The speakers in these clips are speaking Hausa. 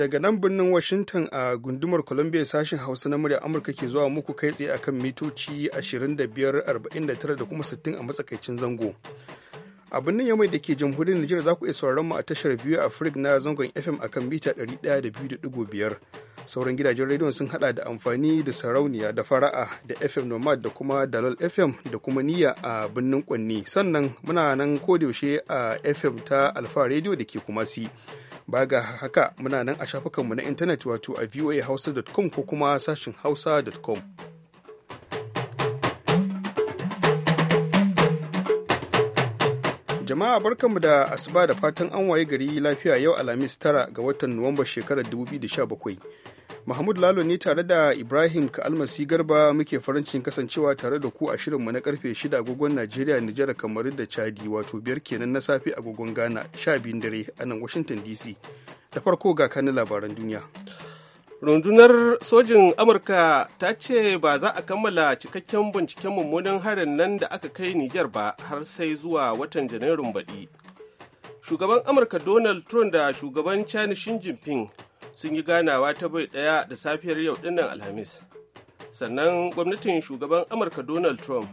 daga nan birnin Washington a gundumar Columbia sashen Hausa na murya Amurka ke zuwa muku kai tsaye akan mitoci 25, 49 da kuma 60 a matsakaicin zango. a birnin yamai da ke jamhuriyar Nijar za ku iya sauraron mu a tashar biyu a Frig na zangon FM akan mita 102.5 sauran gidajen rediyon sun hada da amfani da sarauniya da fara'a da FM Nomad da kuma Dalol FM da kuma Niyya a birnin Kwanni sannan muna nan yaushe a FM ta Alfa Radio da ke kumasi. ba ga haka muna nan a shafukanmu na intanet wato a voahausa.com ko kuma sashin hausa.com jama'a barkanmu da asuba da fatan an waye gari lafiya yau alhamis tara ga watan nuwamba shekarar 2017 Mahmud Lalo ne tare da Ibrahim kalmasi Garba muke farancin kasancewa tare da ku a shirinmu na karfe 6 agogon Najeriya, Nijar, Kamaru da Chadi wato biyar kenan na safe agogon Ghana, 12 dare a nan Washington DC. Da farko ga kanin labaran duniya. Rundunar sojin Amurka ta ce ba za a kammala cikakken binciken mummunan harin nan da aka kai Nijar ba har sai zuwa watan Janairun baɗi. Shugaban Amurka Donald Trump da shugaban China Xi Jinping sun yi ganawa ta bai ɗaya da safiyar yau dinnan alhamis sannan gwamnatin shugaban amurka donald trump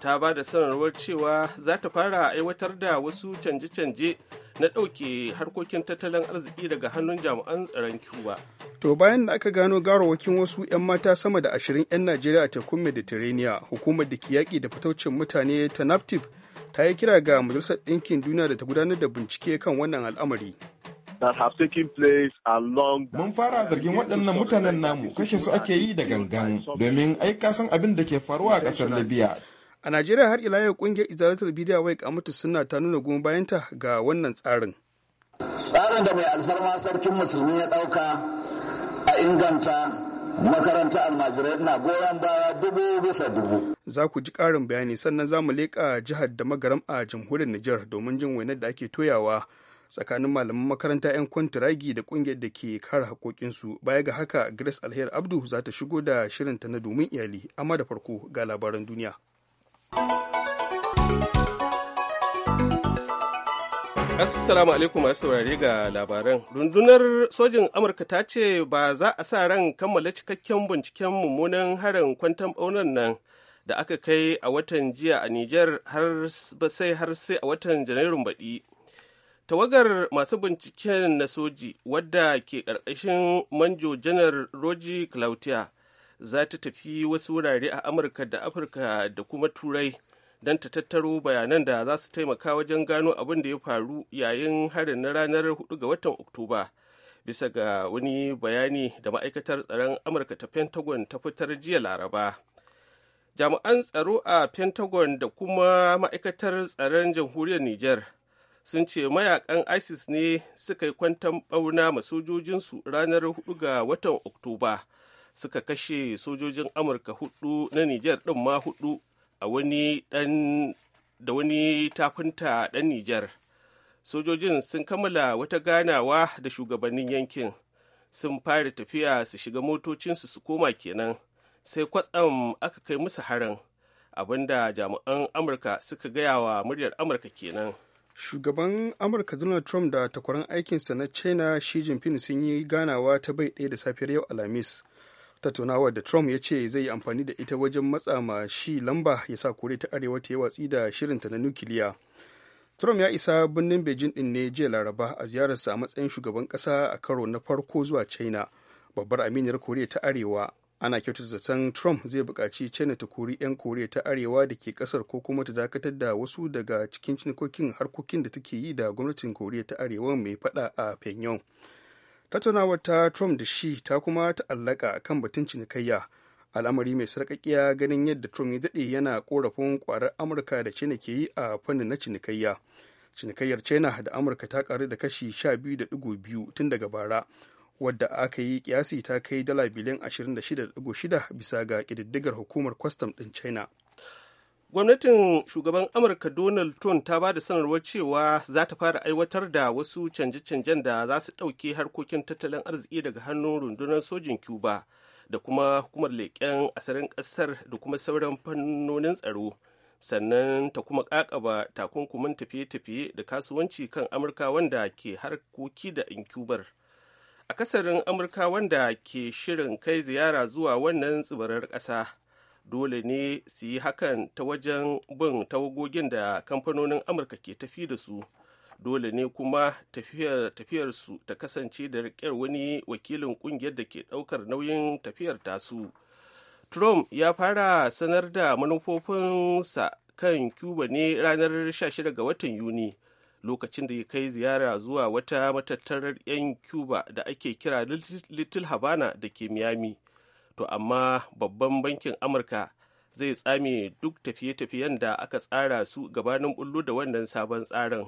ta ba da sanarwar cewa za ta fara aiwatar da wasu canje-canje na ɗauke harkokin tattalin arziki daga hannun jami'an tsaron cuba to bayan da aka gano garawakin wasu 'yan mata sama da ashirin 'yan najeriya a tekun mediterranean hukumar da ke yaƙi da fataucin mutane ta naptip ta yi kira ga majalisar ɗinkin duniya da ta gudanar da bincike kan wannan al'amari that have along Mun fara zargin waɗannan mutanen namu kashe su ake yi da gangan domin ai ka san abin da ke faruwa a ƙasar Libya. A Najeriya har ila yau kungiyar Izalatul Bidiya Wai mutu suna ta nuna goma bayanta ga wannan tsarin. Tsarin da mai alfarma sarkin musulmi ya ɗauka a inganta makaranta almajirai na goyon baya dubu bisa dubu. Za ku ji ƙarin bayani sannan za mu leƙa jihar da magaram a jamhuriyar Nijar domin jin wainar da ake toyawa tsakanin malaman makaranta 'yan kwantiragi da kungiyar da ke kare haƙoƙinsu baya ga haka grace alher abdu za ta shigo da shirinta na domin iyali amma da farko ga labaran duniya Assalamu alaikum masu saurare ga labaran. Rundunar sojin Amurka ta ce ba za a sa ran kammala cikakken binciken mummunan harin kwantan ɓaunar nan da aka kai a watan jiya a Nijar har sai har sai a watan Janairun baɗi. tawagar masu binciken na soji wadda ke ƙarƙashin manjo janar roji claudia za ta tafi wasu wurare a amurka da afirka da kuma turai don ta tattaro bayanan da za su taimaka wajen gano abin da ya faru yayin harin na ranar 4 ga watan oktoba bisa ga wani bayani da ma'aikatar tsaron amurka ta pentagon ta fitar jiya laraba jami'an tsaro a pentagon da kuma ma'aikatar tsaron jamhuriyar niger sun ce mayakan isis ne suka yi kwantan ɓauna ma sojojinsu ranar 4 ga watan oktoba suka kashe sojojin amurka hudu na nijar din ma hudu da wani tafinta dan nijar sojojin sun kammala wata ganawa da shugabannin yankin sun fara tafiya su shiga motocinsu su koma kenan sai kwatsam aka kai musu harin abinda jami'an amurka suka gaya wa muryar amurka kenan shugaban amurka donald trump da takwaran aikinsa na china shi jinping sun yi ganawa ta bai ɗaya da safiyar yau alhamis tattaunawar da trump ya ce zai yi amfani da ita wajen matsa ma shi lamba ya sa kore ta arewa ta yi watsi da shirinta na nukiliya trump ya isa birnin beijing din ne jiya laraba a ziyararsa a matsayin shugaban kasa a karo na farko zuwa china babbar aminiyar koriya ta arewa ana kyautata zaton trump zai bukaci china ta kori 'yan koriya ta arewa da ke ƙasar ko kuma ta dakatar da wasu daga cikin cinikokin harkokin da take yi da gwamnatin koriya ta arewa mai fada a pyongyang tattaunawar ta trump da shi ta kuma ta ta'allaka kan batun cinikayya al'amari mai sarƙaƙiya ganin yadda trump ya daɗe yana korafin ƙwarar amurka da china ke yi a fannin na cinikayya cinikayyar china da amurka ta karu da kashi 12.2 tun daga bara wadda aka yi kiyasi ta kai dala biliyan 26.6 bisa ga ƙididdigar hukumar kwastam ɗin china gwamnatin shugaban amurka donald trump ta ba da sanarwar cewa za ta fara aiwatar da wasu canje-canjen da za su ɗauke harkokin tattalin arziki daga hannun rundunar sojin cuba da kuma hukumar leƙen asirin ƙasar da kuma sauran fannonin tsaro sannan ta kuma ƙaƙaba takunkumin tafiye-tafiye da kasuwanci kan amurka wanda ke harkoki da in cubar a kasarin amurka wanda ke shirin kai ziyara zuwa wannan tsibirar ƙasa dole ne su yi hakan ta wajen bin tawagogin da kamfanonin amurka ke tafi da su dole ne kuma tafiyar su ta kasance da riƙar wani wakilin ƙungiyar da ke ɗaukar nauyin tafiyar tasu trump ya fara sanar da manufofinsa kan cuba ne ranar 16 ga watan yuni lokacin da ya kai ziyara zuwa wata matattarar 'yan cuba da ake kira little havana da ke miami to amma babban bankin amurka zai tsame duk tafiye-tafiyen da aka tsara su gabanin bullo da wannan sabon tsarin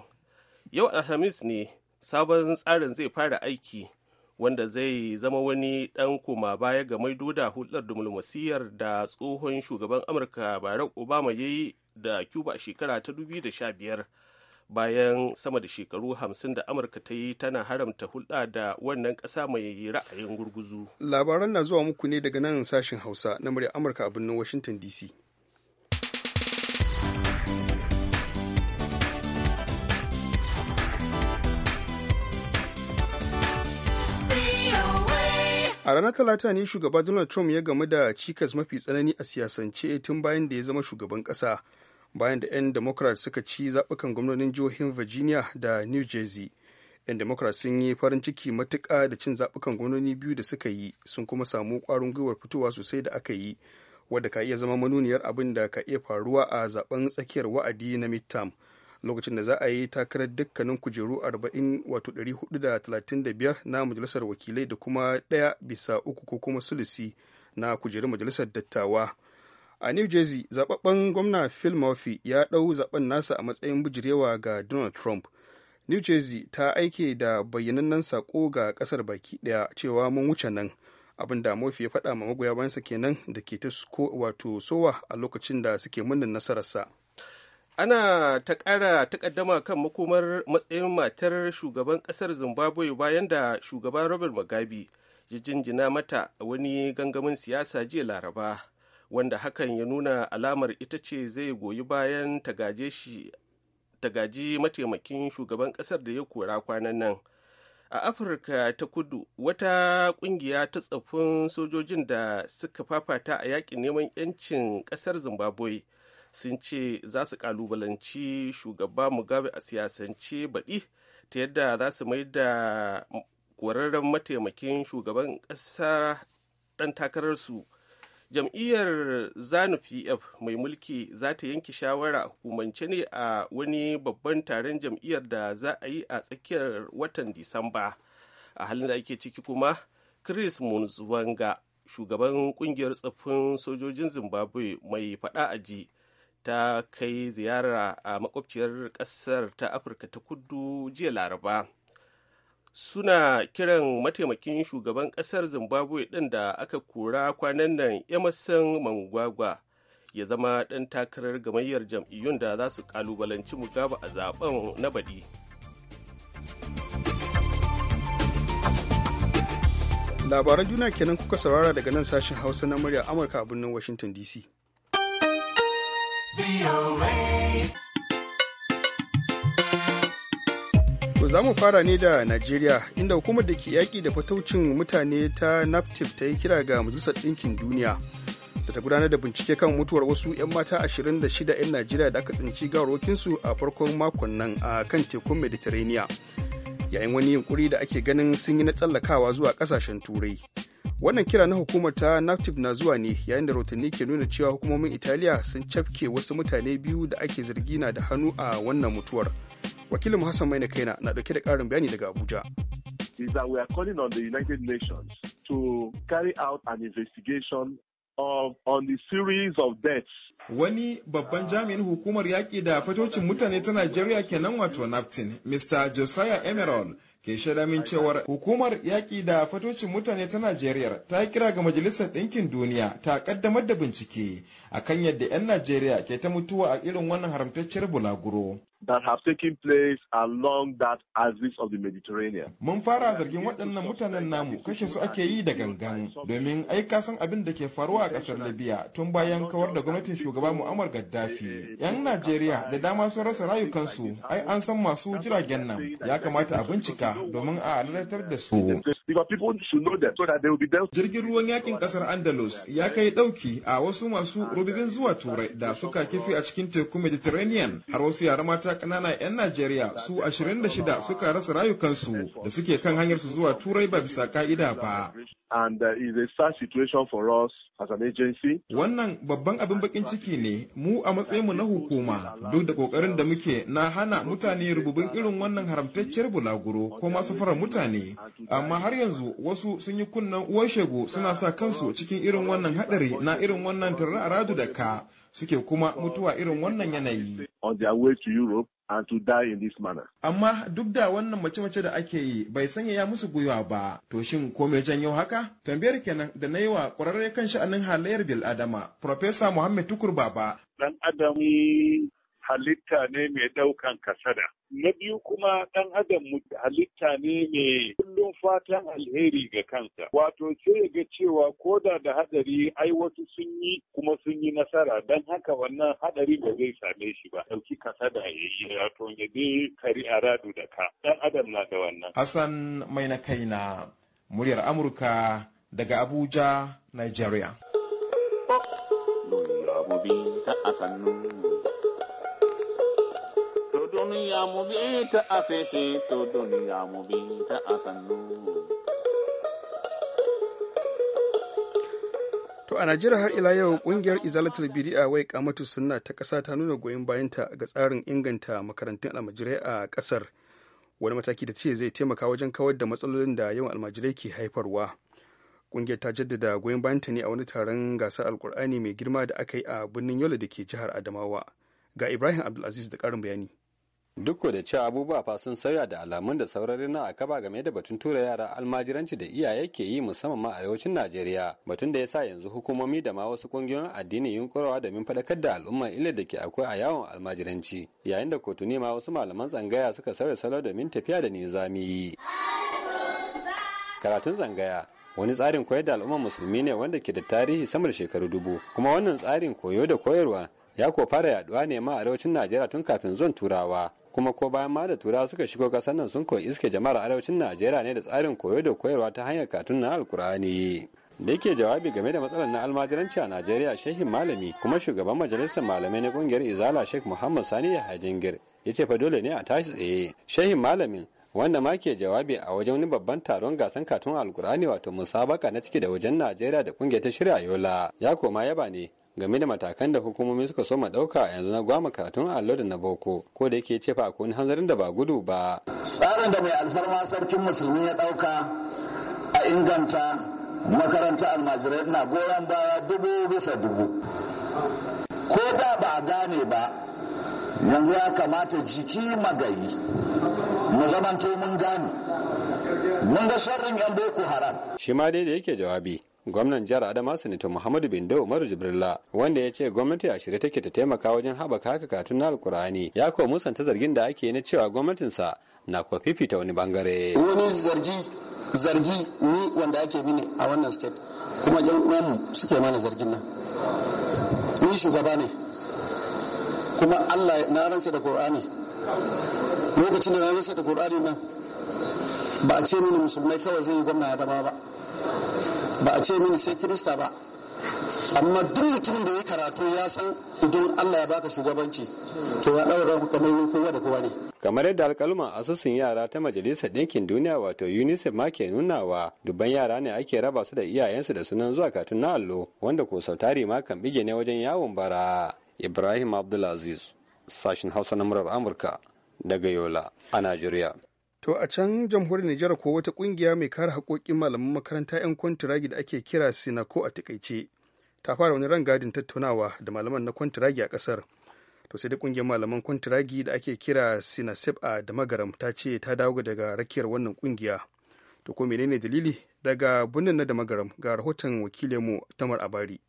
yau alhamis ne sabon tsarin zai fara aiki wanda zai zama wani ɗan koma baya ga maido da hulɗar dumulmasiyar da tsohon shugaban amurka barack obama ya yi da cuba a shekara ta 2015 bayan sama da shekaru hamsin da amurka ta yi tana haramta hulɗa da wannan ƙasa mai ra'ayin gurguzu labaran na zuwa muku ne daga nan sashen hausa na murya amurka a birnin washington dc a ranar talata ne shugaba donald trump ya gamu da cikas mafi tsanani a siyasance tun bayan da ya zama shugaban ƙasa bayan da 'yan democrat suka ci zaɓukan gwamnonin jihohin virginia da new jersey 'yan democrat sun yi farin ciki matuka da cin zaɓukan gwamnoni biyu da suka yi sun kuma samu ƙwarin gwiwar fitowa sosai da aka yi wadda ka iya zama manuniyar abin da ka iya faruwa a zaben tsakiyar wa'adi na midterm lokacin da za a yi takarar dukkanin kujeru 40 435 na majalisar wakilai da kuma ɗaya bisa uku ko kuma sulusi na kujerun majalisar dattawa a new jersey zababben gwamna phil murphy ya ɗau zaben nasa a matsayin bijirewa ga donald trump new jersey ta aike da bayyanannen sako ga kasar baki daya cewa mun wuce nan abin da murphy ya faɗa ma magoya bayansa kenan da ke ta wato sowa a lokacin da suke munnan nasararsa ana ta ƙara takaddama kan makomar matsayin matar shugaban ƙasar zimbabwe bayan da shugaban robert mugabe ya jinjina mata wani gangamin siyasa jiya laraba wanda hakan ya nuna alamar ita ce zai goyi bayan ta gaji mataimakin shugaban kasar da ya kora kwanan nan a afirka ta kudu wata kungiya ta tsoffin sojojin da suka fafata a yakin neman 'yancin kasar zimbabwe sun ce za su kalubalanci shugaba mugabe a siyasance baɗi ta yadda za su mai da korarren mataimakin shugaban ƙasa ɗan takararsu jam'iyyar zanu pf mai mulki za ta yanke shawara hukumance ne a wani babban taron jam'iyyar da za a yi a tsakiyar watan disamba a halin da ake ciki kuma chris munzwanga shugaban kungiyar tsoffin sojojin zimbabwe mai fada a ji ta kai ziyara a makwabciyar kasar ta afirka ta kudu jiya laraba suna kiran mataimakin shugaban ƙasar zimbabwe ɗin da aka kora kwanan nan emerson mangwagwa ya zama ɗan takarar gamayyar jam'iyyun da za su mu mugabe a zaben na baɗi labaran juna kenan kuka saurara daga nan sashen hausa na murya amurka a birnin washington dc za mu fara ne da Najeriya inda hukumar da ke yaƙi da fataucin mutane ta NAPTIP ta yi kira ga Majalisar Ɗinkin Duniya da ta gudanar da bincike kan mutuwar wasu 'yan mata 26 'yan Najeriya da aka tsinci gawarwakinsu a farkon makon nan a kan tekun Mediterranean. Yayin wani yunkuri da ake ganin sun yi na tsallakawa zuwa kasashen Turai. Wannan kira na hukumar ta NAPTIP na zuwa ne yayin da rahotanni ke nuna cewa hukumomin Italiya sun cafke wasu mutane biyu da ake zargi na da hannu a wannan mutuwar. wakilin hassan maina kaina na dauke da karin bayani daga abuja is that we are calling on the united nations to carry out an investigation of, on the series of deaths Wani babban jami'in hukumar yaƙi da fatocin mutane ta Najeriya kenan wato Naftin, Mr. Josiah Emerald, ke shaida min cewar hukumar yaƙi da fatocin mutane ta Najeriya ta kira ga Majalisar Ɗinkin Duniya ta ƙaddamar da bincike a kan yadda 'yan Najeriya ke ta mutuwa a irin wannan haramtacciyar bulaguro. that have taken place along that axis of the Mun fara zargin waɗannan mutanen namu kashe su ake yi da gangan domin ai ka san abin da ke faruwa a ƙasar Libya tun bayan kawar da gwamnatin shugaba Muammar Gaddafi. 'Yan Najeriya da dama sun rasa rayukansu ai an san masu jiragen nan ya kamata a bincika domin a alalatar da su. Jirgin ruwan yakin ƙasar Andalus ya kai ɗauki a wasu masu rububin zuwa Turai da suka kifi a cikin teku Mediterranean har wasu yara mata mata ƙanana 'yan Najeriya su 26 suka rasa rayukansu da suke kan hanyar su zuwa Turai ba bisa ka'ida ba. Uh, wannan babban abin bakin ciki ne mu a matsayinmu na hukuma duk da kokarin da muke na hana mutane rububin irin wannan haramtacciyar bulaguro ko masu fara mutane amma har yanzu wasu sun yi kunnen uwar shegu suna sa kansu cikin irin wannan haɗari na irin wannan tarra a da ka suke kuma mutuwa irin wannan yanayi. On way to Europe Amma duk da wannan mace-mace da ake yi bai sanya ya musu gwiwa ba, to shin ko mai janyo haka? Tambayar kenan da na yi wa ƙwararre kan sha'anin halayyar bil'adama, Profesa Muhammad Tukur Baba. Dan adam halitta ne mai ɗaukan kasada. Na biyu kuma ɗan adam halitta ne mai kullum fatan alheri ga kansa. Wato sai ga cewa ko da da hadari ai wasu sun yi kuma sun yi nasara don haka wannan hadari ba zai same shi ba. Ɗauki kasada ya yi wato ya je kari a radu da ka. Ɗan adam na da wannan. Hassan mai na kai na muryar Amurka daga Abuja, Nigeria. duniya mu bi ta aseshe to duniya mu bi ta asannu. To a Najeriya har ila yau kungiyar Izalatul Bidi'a wai kamatu sunna ta kasa ta nuna goyon bayanta ga tsarin inganta makarantun almajirai a ƙasar. Wani mataki da ce zai taimaka wajen kawar da matsalolin da yawan almajirai ke haifarwa. Kungiyar ta jaddada goyon bayanta ne a wani taron gasar Alkur'ani mai girma da aka yi a birnin Yola da ke jihar Adamawa. Ga Ibrahim Abdulaziz da ƙarin bayani. duk da cewa abubuwa fa sun sauya da alamun da saurari na akaba game da batun tura yara almajiranci da iyaye ke yi musamman ma arewacin najeriya batun da ya sa yanzu hukumomi da ma wasu kungiyoyin addini yunkurawa domin faɗakar da al'umma illar da ke akwai a yawon almajiranci yayin da kotuni ma wasu malaman tsangaya suka sauya salo domin tafiya da nizami karatun tsangaya wani tsarin koyar da al'ummar musulmi ne wanda ke da tarihi sama shekaru dubu kuma wannan tsarin koyo da koyarwa ya ko fara yaduwa ne ma arewacin najeriya tun kafin zuwan turawa kuma ko bayan ma da tura suka shigo kasar nan sun koyi iske jama'ar arewacin najeriya ne da tsarin koyo da koyarwa ta hanyar katun na alkur'ani da yake jawabi game da matsalar na almajiranci a najeriya shehin malami kuma shugaban majalisar malamai na kungiyar izala sheikh muhammad sani ya hajjingir ya ce fa dole ne a tashi tsaye Shahin malamin wanda ma ke jawabi a wajen wani babban taron gasan katun alkur'ani wato musabaka na ciki da wajen najeriya da kungiyar ta shirya yola ya koma yaba ne game da matakan da hukumomi suka so mu ɗauka yanzu na gwama karatun allo da na boko ko da yake ce fa akwai hanzarin da ba gudu ba. tsarin da mai alfarma sarkin musulmi ya ɗauka a inganta makaranta almajirai na goyon baya dubu bisa dubu ko da ba a gane ba yanzu ya kamata jiki magayi mu zamanto mun gane mun ga sharrin yan boko haram shi ma dai da yake jawabi gwamnan jihar adama sanito muhammadu bindo umaru jibrilla wanda ya ce gwamnati a shirye take ta taimaka wajen haɓaka haka katun na alkur'ani ya ko musanta zargin da ake na cewa gwamnatinsa na kuwa fifita wani bangare wani zargi zargi ni wanda ake mini a wannan state kuma yan uwanmu suke mana zargin nan ni shugaba ne kuma allah na ransa da qur'ani lokacin da na ransa da qur'ani nan ba a ce mini musulmai kawai zai yi gwamna adama ba ba a ce mini sai kirista ba amma duk mutumin da ya karatu ya san idan Allah ya baka shugabanci to ya ɗaura ku kamar kowa da kowa ne kamar yadda alkalma asusun yara ta majalisar ɗinkin duniya wato unicef ma ke nunawa dubban yara ne ake raba su da iyayensu da sunan zuwa katun na allo wanda ko sautari ma kan bige ne wajen yawon bara ibrahim abdulaziz sashin hausa na murar amurka daga yola a najeriya To a can jamhuriyar Nijar ko wata kungiya mai kare haƙoƙin malaman makaranta 'yan kwantiragi da ake kira Sinako a takaice ta fara wani rangadin tattaunawa da malaman na kwantiragi a ƙasar. To sai da kungiyar malaman kwantiragi da ake kira Sinasep a Damagaram ta ce ta dawo daga rakiyar wannan kungiya. To ko menene dalili daga bunnan na Damagaram ga rahoton wakilinmu Tamar Abari.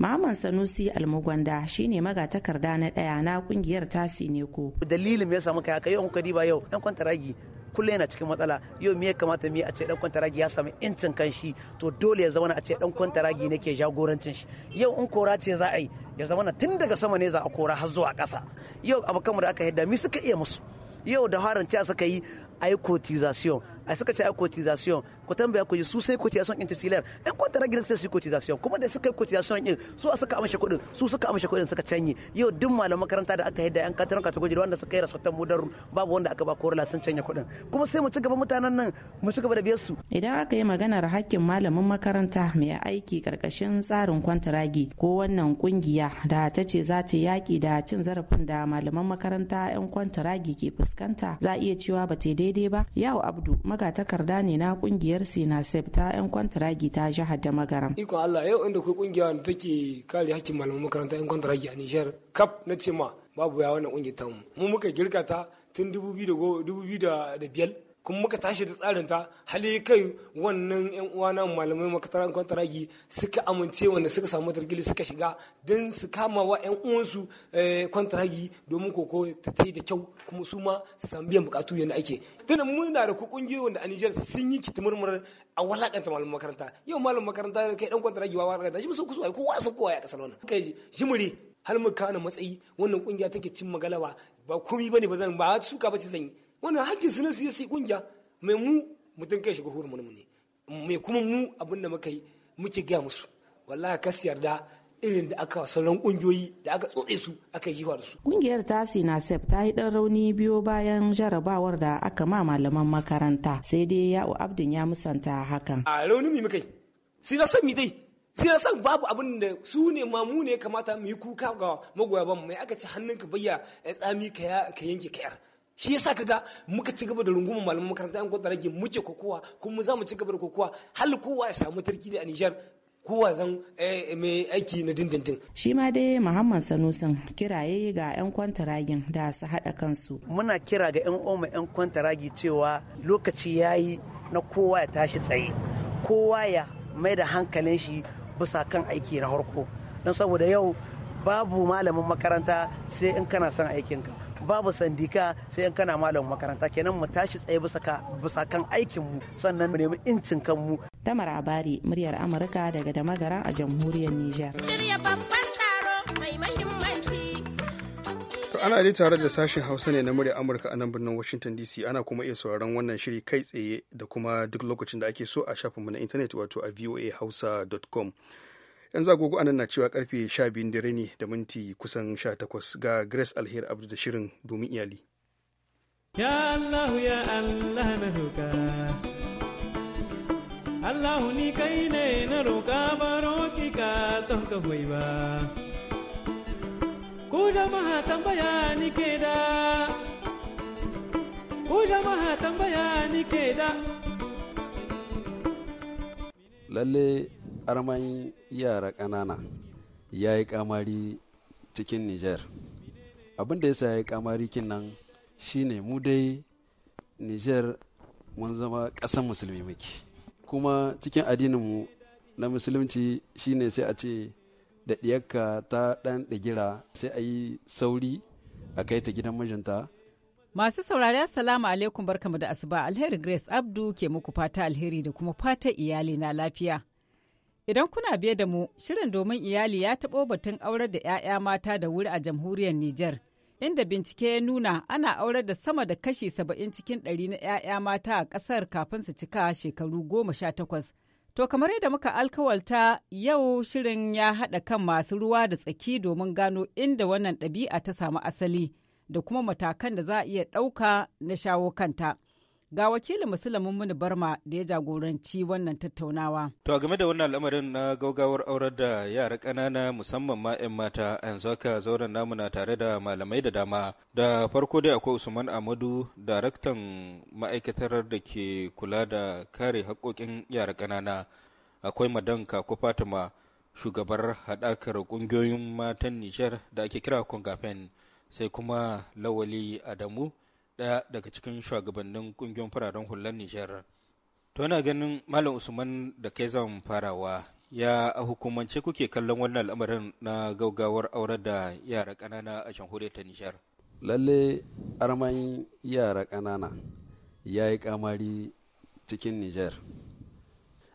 Maman Sanusi Almugwanda ne magatakarda na ɗaya na kungiyar tasi ne ko. Dalilin ya samu kayaka yau kwadi ba yau ɗan kwantaragi kullum yana cikin matsala yau me ya kamata mi a ce dan kwantaragi ya samu incin kanshi to dole ya zama a ce dan kwantaragi ne ke jagorancin shi yau in kora ce za a yi ya zama tun daga sama ne za a kora har zuwa ƙasa yau abokanmu da aka yadda mi suka iya musu yau da harin ce suka yi a a suka ce a yi ku tambaya ku ji su sai cotisation ɗin in ɗan kwantara gidan sai su cotisation kuma da suka yi cotisation ɗin su a suka amshe kuɗin su suka amshe kuɗin suka canyi yau duk malaman makaranta da aka yadda yan katarin katagoji da wanda suka yi rasuwar mudar babu wanda aka ba korala sun canya kuɗin kuma sai mu ci gaba mutanen nan mu ci gaba da biyar su. idan aka yi maganar hakkin malamin makaranta mai aiki karkashin tsarin kwantaragi ko wannan kungiya da ta ce za ta yaƙi da cin zarafin da malaman makaranta 'yan kwantaragi ke fuskanta za a iya cewa ba ta daidai ba yawo abdu magatakarda ne na kungiyar kungiyar na Septa 'yan kwantaragi ta jihar da magaram iko allah yau inda kai kungiya da take kare hakkin malaman makaranta 'yan kwantaragi a nijar kap na ce ma babu ya wannan kungiyar tamu mu muka girka ta tun da 2005 kuma muka tashi da tsarinta hali kai wannan yan uwana malamai kwantar ragi suka amince wanda suka samu targili suka shiga don su kama wa yan uwansu eh, kwantar ragi domin koko ta ta da kyau kuma su ma su samu biyan bukatu yadda ake tana muna da kukungi wanda a Nijar sun yi kiti murmurar a walakanta malamin makaranta yau malamin makaranta kai dan ragi wa walakanta shi musu kusuwa kowa san kowa ya kasar wannan kai jimiri har mu kana matsayi wannan kungiya take cin magalaba ba komai bane ba zan ba suka bace zan yi wannan hakkin su na su yi kungiya mai mu mutum kai shiga hurumun mu ne mai kuma mu abin da muka yi muke gaya musu wallahi kas yarda irin da aka sauran kungiyoyi da aka tsotse su aka yi su. Kungiyar tasi na sef ta yi dan rauni biyo bayan jarabawar da aka ma malaman makaranta sai dai ya'u abdin ya musanta hakan. A rauni mu mukai sai na san mi dai sai na san babu abin da su ne ma mu ne kamata mu yi kuka ga magoya ba mai aka ci hannunka bayya tsami ka yanke kayar shi yasa kaga muka ci gaba da rungumar malaman makaranta an kwanta rage muke kokowa kuma za mu ci gaba da kokowa hal kowa ya samu tarki a Nijar kowa zan eh, mai aiki na dindindin. Shi ma dai Muhammad Sanusin kiraye ga 'yan kwantaragin da su haɗa kansu. Muna kira ga 'yan oma 'yan kwantaragi cewa lokaci ya yi na kowa ya tashi tsaye. Kowa ya mai da hankalin shi bisa kan aiki na harko. Don saboda yau babu malamin makaranta sai in kana son aikinka. babu sandika sai in kana malam makaranta kenan mu tashi tsaye bisa kan aikin mu sannan mu nemi incin kanmu Tamar Abari muryar Amurka daga Damagara a jamhuriyar Nijar. Shirya babban taro mai mahimmanci. To ana dai tare da sashen Hausa ne na muryar Amurka a nan birnin Washington DC ana kuma iya sauraron wannan shiri kai tsaye da kuma duk lokacin da ake so a shafinmu na intanet wato a voahausa.com. yanzu agogo anan na cewa karfe 12 dare ne da minti kusan 18 ga grace alheri abdu da shirin domin iyali ya allah ya allah na roka allah ni kai ne na roka baro ki ka to ka hoyi ba ku jama'a tambaya ni ke da ku jama'a tambaya ni ke da lalle armai yara ƙanana ya yi kamari cikin niger abinda ya sa ya yi kamari kinnan shine mu dai niger mun zama ƙasan musulmi muke kuma cikin adininmu na musulunci shine sai a ce da ɗiyarka ta ɗan ɗigira sai a yi sauri a kai ta gidan mijinta Masu saurari Assalamu alaikum barkamu da asuba alheri Grace Abdu ke muku fata alheri da kuma fata iyali na lafiya. Idan kuna biye da mu, shirin domin iyali ya taɓo batun aurar da 'ya'ya mata da wuri a jamhuriyar Nijar, inda bincike ya nuna ana aurar da sama da kashi saba'in cikin ɗari na 'ya'ya mata a ƙasar kafin su cika shekaru goma sha takwas. To kamar yadda muka alkawalta yau shirin ya haɗa kan masu ruwa da tsaki domin gano inda wannan ɗabi'a ta samu asali da kuma matakan da za a iya ɗauka na shawo kanta. Ga wakilin Musulmin Muni Barma da ya jagoranci wannan tattaunawa. To game da wannan al'amarin na gaugawar aurar da yara ƙanana musamman ma 'yan mata yanzu haka zauren namu na tare da malamai da dama. Da farko dai akwai Usman Amadu, daraktan ma'aikatar da ke kula da kare haƙoƙin yara ƙanana. Akwai Madan Kako Fatima, shugabar haɗakar ƙungiyoyin matan Nijar da ake kira Kongafen. Sai kuma Lawali Adamu, ɗaya daga cikin shugabannin ƙungiyar fararen hular Nijar. To ina ganin Malam Usman da kai zan farawa ya a hukumance kuke kallon wannan al'amarin na gaugawar aurar da yara ƙanana a jamhuriyar ta Nijar. Lalle arman yara ƙanana ya yi kamari cikin Nijar.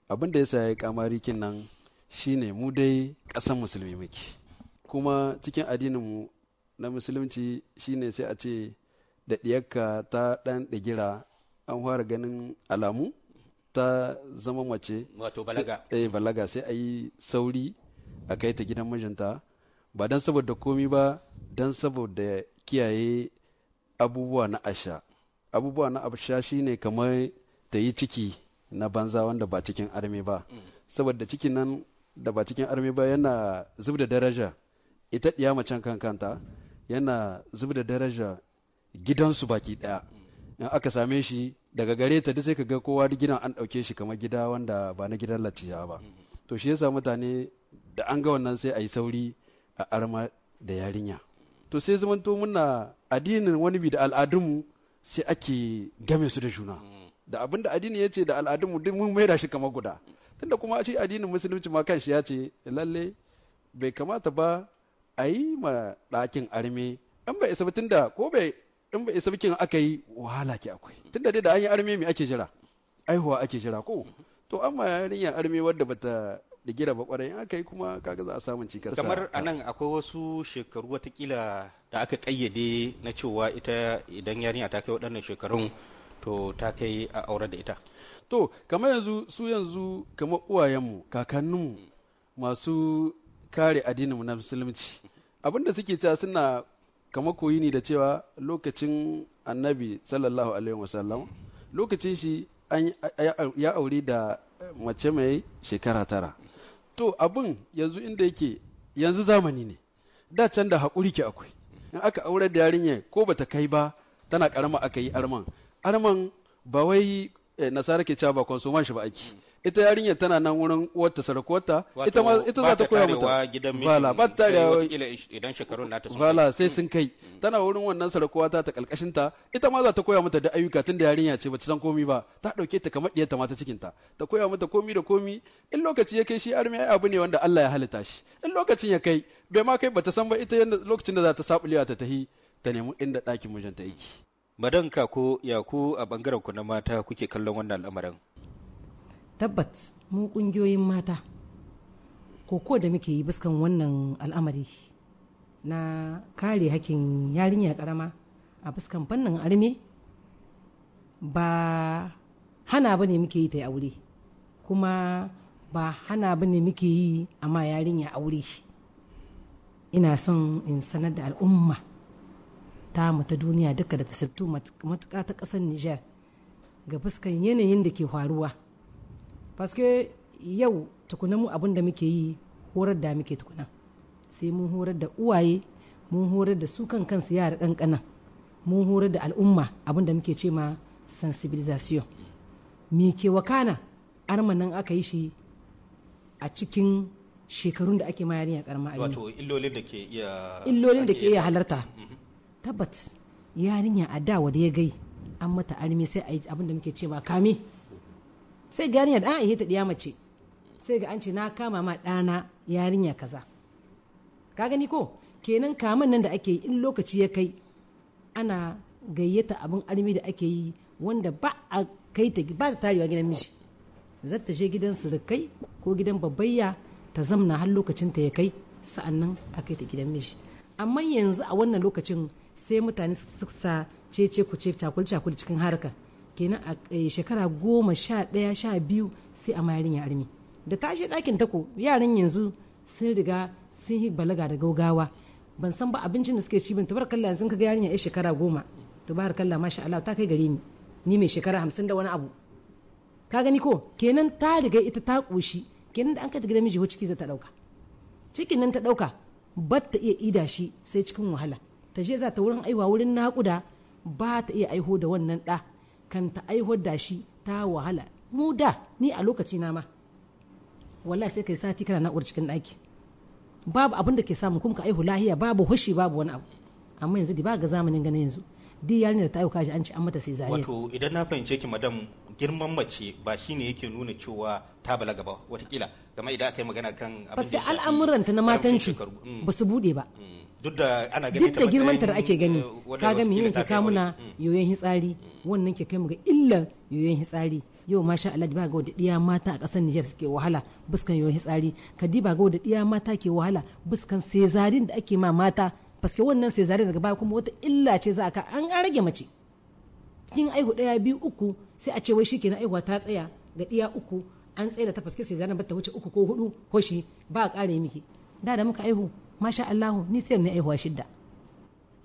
Abin da yasa ya yi kamari kin nan shine mu dai ƙasar musulmi muke. Kuma cikin addininmu na musulunci shine sai a ce da ta ɗan ɗigira an fara ganin alamu ta zama mace wato balaga eh balaga sai a yi sauri a kai ta gidan mijinta ba don saboda komi ba don saboda kiyaye abubuwa na asha abubuwa na asha shine kamar ta yi ciki na banza wanda ba cikin armi ba mm. saboda cikin nan da ba cikin armi ba yana zub da daraja ita ɗiya macen kan kanta yana zub da daraja gidansu baki daya in aka same shi daga gare ta duk sai ka ga kowa da gidan an dauke shi kamar gida wanda ba na gidan latija ba to shi yasa mutane da an ga wannan sai a yi sauri a arma da yarinya to sai zamanto muna addinin wani bi da al'adunmu sai ake game su da juna da abin da addini ya ce da al'adunmu duk mun maida shi kamar guda tunda kuma a ce addinin musulunci ma kan shi ya ce lalle bai kamata ba a yi ma ɗakin arme an bai isa tunda ko bai in ba isa bikin aka yi wahala ke akwai tunda dai da an yi arme me ake jira aihuwa ake jira ko to amma yarinya arme wadda bata gira ba kwarai aka yi kuma kaga za a samun cikarsa. kamar anan akwai wasu shekaru watakila da aka kayyade na cewa ita idan yarinya ta kai waɗannan shekarun to ta kai a aure da ita to kamar yanzu su yanzu kamar uwayenmu kakanninmu masu kare addinin na musulunci abinda suke cewa suna kama koyi ne da cewa lokacin annabi sallallahu alaihi wasallam lokacin shi ya aure da mace mai shekara tara to abin yanzu inda yake yanzu zamani ne da can da haƙuri ke akwai in aka aure da yarinya ko bata kai ba tana ƙarama aka yi arman arman ba wai eh, nasara ke cewa ba shi ba ake ita yarinyar tana nan wurin uwarta sarakota ita ma ita za ta koya mata bala ba ta tarewa idan shekarun nata sun sai sun kai mm. tana wurin wannan sarakuwa ta ta kalkashin ta ita ma za ta koya mata da ayyuka tun da yarinya ce bata san komi ba ta dauke ta kamar diyar ta mata cikin ta ta koya mata komi da komi in lokaci ya kai shi armi ai abu ne wanda Allah ya halitta shi in lokacin ya kai bai ma kai bata san ba ita yanda lokacin da za ta sabulewa ta tahi ta nemi inda ɗakin mijinta yake. Madan ko yaku a bangaren ku na mata kuke kallon wannan al'amarin? tabbat mu kungiyoyin mata ko da muke yi biskan wannan al'amari na kare hakkin yarinya karama a biskan fannin arme ba hana ba ne muke yi ta aure kuma ba hana ba ne muke yi amma yarinya aure ina son in sanar da al'umma ta ta duniya duka da ta matuka ta ƙasar niger ga fuskan yanayin da ke faruwa paske yau tukuna mu abin da muke yi horar da muke tukuna sai mun horar da uwaye mun horar da su kan kansu yara kankana mun horar da al'umma abin da muke ce ma sensibilisation me ke wakana arman nan aka yi shi a cikin shekarun da ake ma yarinya karma a wato illolin da ke iya illolin da ke iya halarta mhm. tabbat yarinya a da da ya gai an mata armi sai a yi abin da muke ce ma kame sai ga yarinya da an ihe ta diya mace sai ga an ce na kama ma ɗana yarinya kaza ka gani ko kenan kamun nan da ake yi in lokaci ya kai ana gayyata abin armi da ake yi wanda ba a kai ta ba ta tarewa gidan miji zata je gidan surukai ko gidan babbayya ta zamna har lokacin ta ya kai sa'annan a kai ta gidan miji amma yanzu a wannan lokacin sai mutane su sa cece ku ce cakul cakul cikin harkar kenan a eh, shekara goma sha ɗaya sha biyu sai a mayarin ya armi da tashi ɗakin tako yaran yanzu sun riga sun yi balaga da gaugawa ban san ba abincin da suke ci ban tabarakalla sun kaga yarinya ya shekara goma to tabarakalla masha Allah ta kai gare ni ni mai shekara hamsin da wani abu ka gani ko kenan ta riga ita ta ƙoshi kenan da an kai ta gidan miji ko ciki za ta ɗauka cikin nan ta ɗauka ba ta iya ida shi sai cikin wahala ta je za ta wurin aiwa wurin naƙuda ba ta iya aiho da wannan ɗa kan ta aihuwar da shi ta wahala mu da ni a lokaci na ma wallahi sai kai sati kana na'urar cikin ɗaki babu abin da ke samu kuma ka aihu lahiya babu hushi babu wani abu amma yanzu ba ga zamanin ganin yanzu di yarin da ta aihuka shi an ci an mata sai zariya wato idan na fahimce ki madam girman mace ba shine yake nuna cewa ta balaga ba watakila game idan aka yi magana kan abin da al'amuranta na matanci mm. ba su bude ba mm. duk da ana gani duk da girman ta da ake gani eh, ka ga mihin ke ka yoyon hitsari wannan ke kai mu ga illa yoyon hitsari yau masha Allah ba ga wadda mata a ƙasar Nijar suke wahala buskan yoyon hitsari ka diba ga wadda mata ke wahala buskan sezarin da ake ma mata paske wannan sezarin daga baya kuma wata illa ce za ka an rage mace cikin aihu daya biyu uku sai a ce wai shikenan aihuwa ta tsaya ga ɗiya uku an tsaye da ta paske sezarin ba ta wuce uku ko hudu ko shi ba a kare miki da da muka aihu masha Allahu ni sayar na aihuwa shidda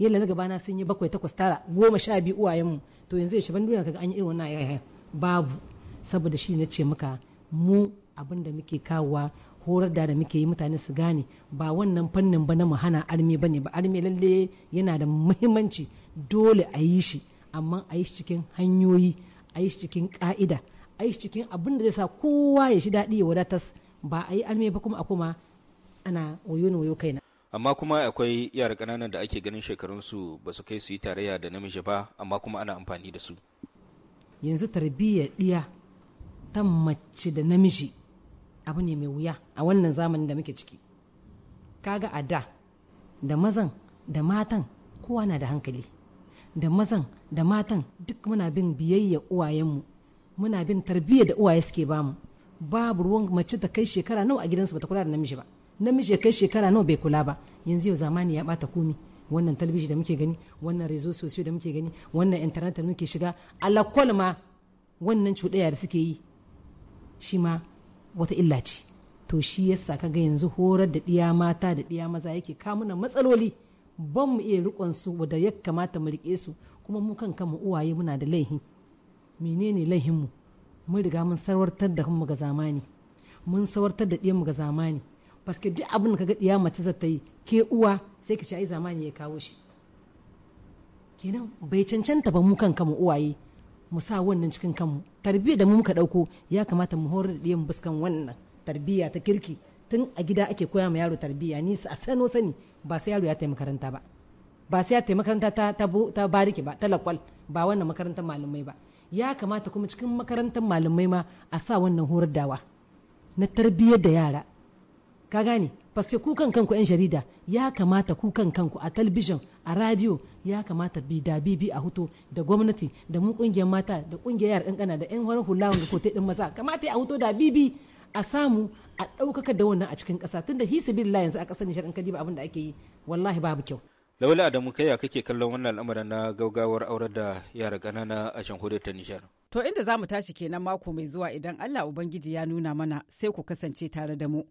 yalla na gaba na sun yi bakwai takwas tara goma sha biyu uwayenmu to yanzu ya shaban duniya kaga an yi irin wannan yaya babu saboda shi na ce maka mu abin da muke kawowa horar da da muke yi mutane su gane ba wannan fannin ba na mu hana armi ba ne ba armi lalle yana da muhimmanci dole a yi shi amma a yi shi cikin hanyoyi a yi shi cikin ka'ida a yi shi cikin abin da zai sa kowa ya shi daɗi ya wadatas ba a yi armi ba kuma a kuma ana wayo na wayo kaina amma kuma akwai yara ƙananan da ake ganin shekarunsu ba su kai su yi tarayya da namiji ba amma kuma ana amfani da su yanzu tarbiyya ɗiya ta mace da namiji abu ne mai wuya a wannan zamanin da muke ciki kaga a da da mazan da matan kowa na da hankali da mazan da matan duk muna bin biyayya uwayenmu muna bin tarbiyya da uwaye suke bamu babu ruwan mace ta kai shekara nawa a gidansu bata kula da namiji ba namiji ya kai shekara nawa bai kula ba yanzu yau zamani ya bata komi wannan talabijin da muke gani wannan rezo sosai da muke gani wannan intanet da muke shiga alakwal ma wannan cuɗaya da suke yi shi ma wata illa ce to shi yasa ga yanzu horar da ɗiya mata da ɗiya maza yake kamuna matsaloli ban mu iya rikon su da ya kamata mu rike su kuma mu kan kanmu uwaye muna da laihi menene laihin mu mun riga mun sarwartar da mu ga zamani mun sarwartar da ɗiyan mu ga zamani paske duk abin da ga ɗiya mace za ta yi ke uwa sai ka ci ai zamani ya kawo shi kenan bai cancanta ba mu kan kanmu uwaye mu sa wannan cikin kanmu tarbiyya da mu muka dauko ya kamata mu horar da yin buskan wannan tarbiyya ta kirki tun a gida ake koya ma yaro tarbiyya ni a sano sani ba sai yaro ya taimaka makaranta ba ba sai ya taimaka makaranta ta ta, ta bariki ba lakwal ba wannan makarantar malamai ba ya kamata kuma cikin makarantar malamai ma a sa wannan horar dawa na tarbiyyar da yara ka gane paske ku kan kanku 'yan jarida ya kamata kukan kanku a talbijin a radio ya kamata bi da bi a huto da gwamnati da mu kungiyar mata da kungiyar yar kankana da 'yan wani hula wanda kotai din maza kamata a huto da bi a samu a ɗaukaka da wannan a cikin ƙasa tunda hisabilillah yanzu a ƙasar nishar in kadiba abin da ake yi wallahi babu kyau laula da mu kai kake kallon wannan al'amarin na gaugawar aurar da yara ƙanana a jamhuriyar ta nishar to inda zamu tashi kenan mako mai zuwa idan allah ubangiji ya nuna mana sai ku kasance tare da mu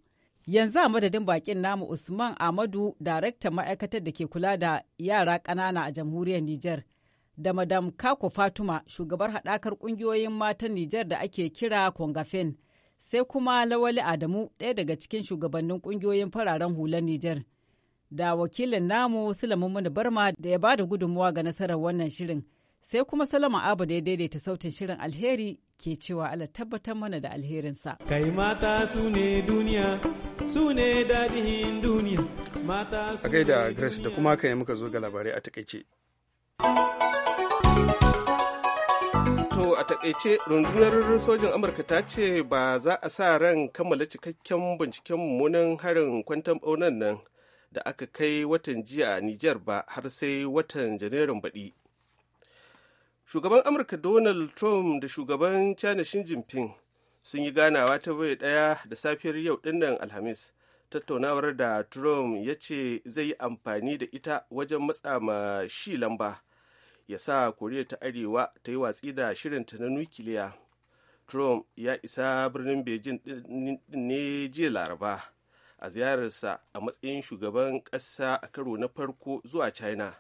Yanzu a madadin bakin namu Usman Amadu, daraktan ma'aikatar da ke kula da yara ƙanana a jamhuriyar Nijar, da Madam Kako Fatuma, shugabar haɗakar ƙungiyoyin matan Nijar da ake kira Kongafen, sai kuma Lawali Adamu, ɗaya daga cikin shugabannin ƙungiyoyin fararen hular Nijar. Da wakilin namu Sulaiman Barma da ya ba da gudunmuwa ga nasarar wannan shirin, sai kuma Salama Abu da ya daidaita sautin shirin alheri ke cewa Allah tabbatar mana da alherinsa. Kai mata su ne duniya, su ne daɗin duniya. Mata su ne da Grace da kuma kai muka zo ga labarai a takaice. To a takaice rundunar sojin Amurka ta ce ba za a sa ran kammala cikakken binciken mummunan harin kwantan ɓaunan nan da aka kai watan jiya a Nijar ba har sai watan Janairun baɗi. shugaban amurka donald trump da shugaban china xi jinping sun yi ganawa ta bai daya da safiyar yau dinnan alhamis tattaunawar da trump ya ce zai yi amfani da ita wajen matsa ma shi lamba ya sa koriya ta arewa ta yi watsi da shirinta na nukiliya trump ya isa birnin beijing ne jiya laraba a ziyararsa a matsayin shugaban ƙasa a karo na farko zuwa china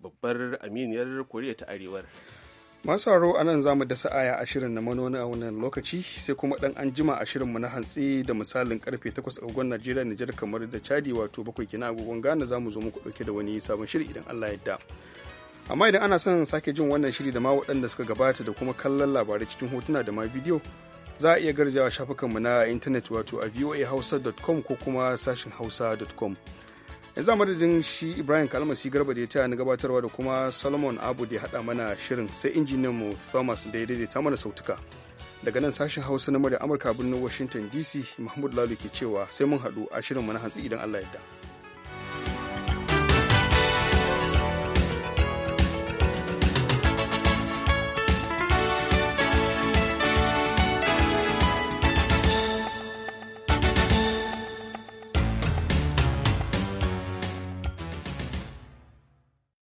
babbar aminiyar koriya ta arewar masu haro a nan zamu da sa'aya a shirin na manoni a wannan lokaci sai kuma dan an jima a mu na hantsi da misalin karfe 8 agogon najeriya nijar kamar da chadi wato bakwai kina agogon ghana zamu zo muku dauke da wani sabon shiri idan allah yadda amma idan ana son sake jin wannan shiri da ma waɗanda suka gabata da kuma kallon labarai cikin hotuna da ma bidiyo za a iya garzawa shafukanmu na intanet wato a voahausa.com ko kuma sashin hausa.com yanzu a madadin shi ibrahim kalmasi garba da ya taya na gabatarwa da kuma solomon abu da ya haɗa mana shirin sai injiniyan mu thomas da ya daidaita mana sautuka daga nan sashen hausa na murya amurka birnin washington dc mahmud lalu ke cewa sai mun haɗu a shirin mana hantsi idan allah ya da.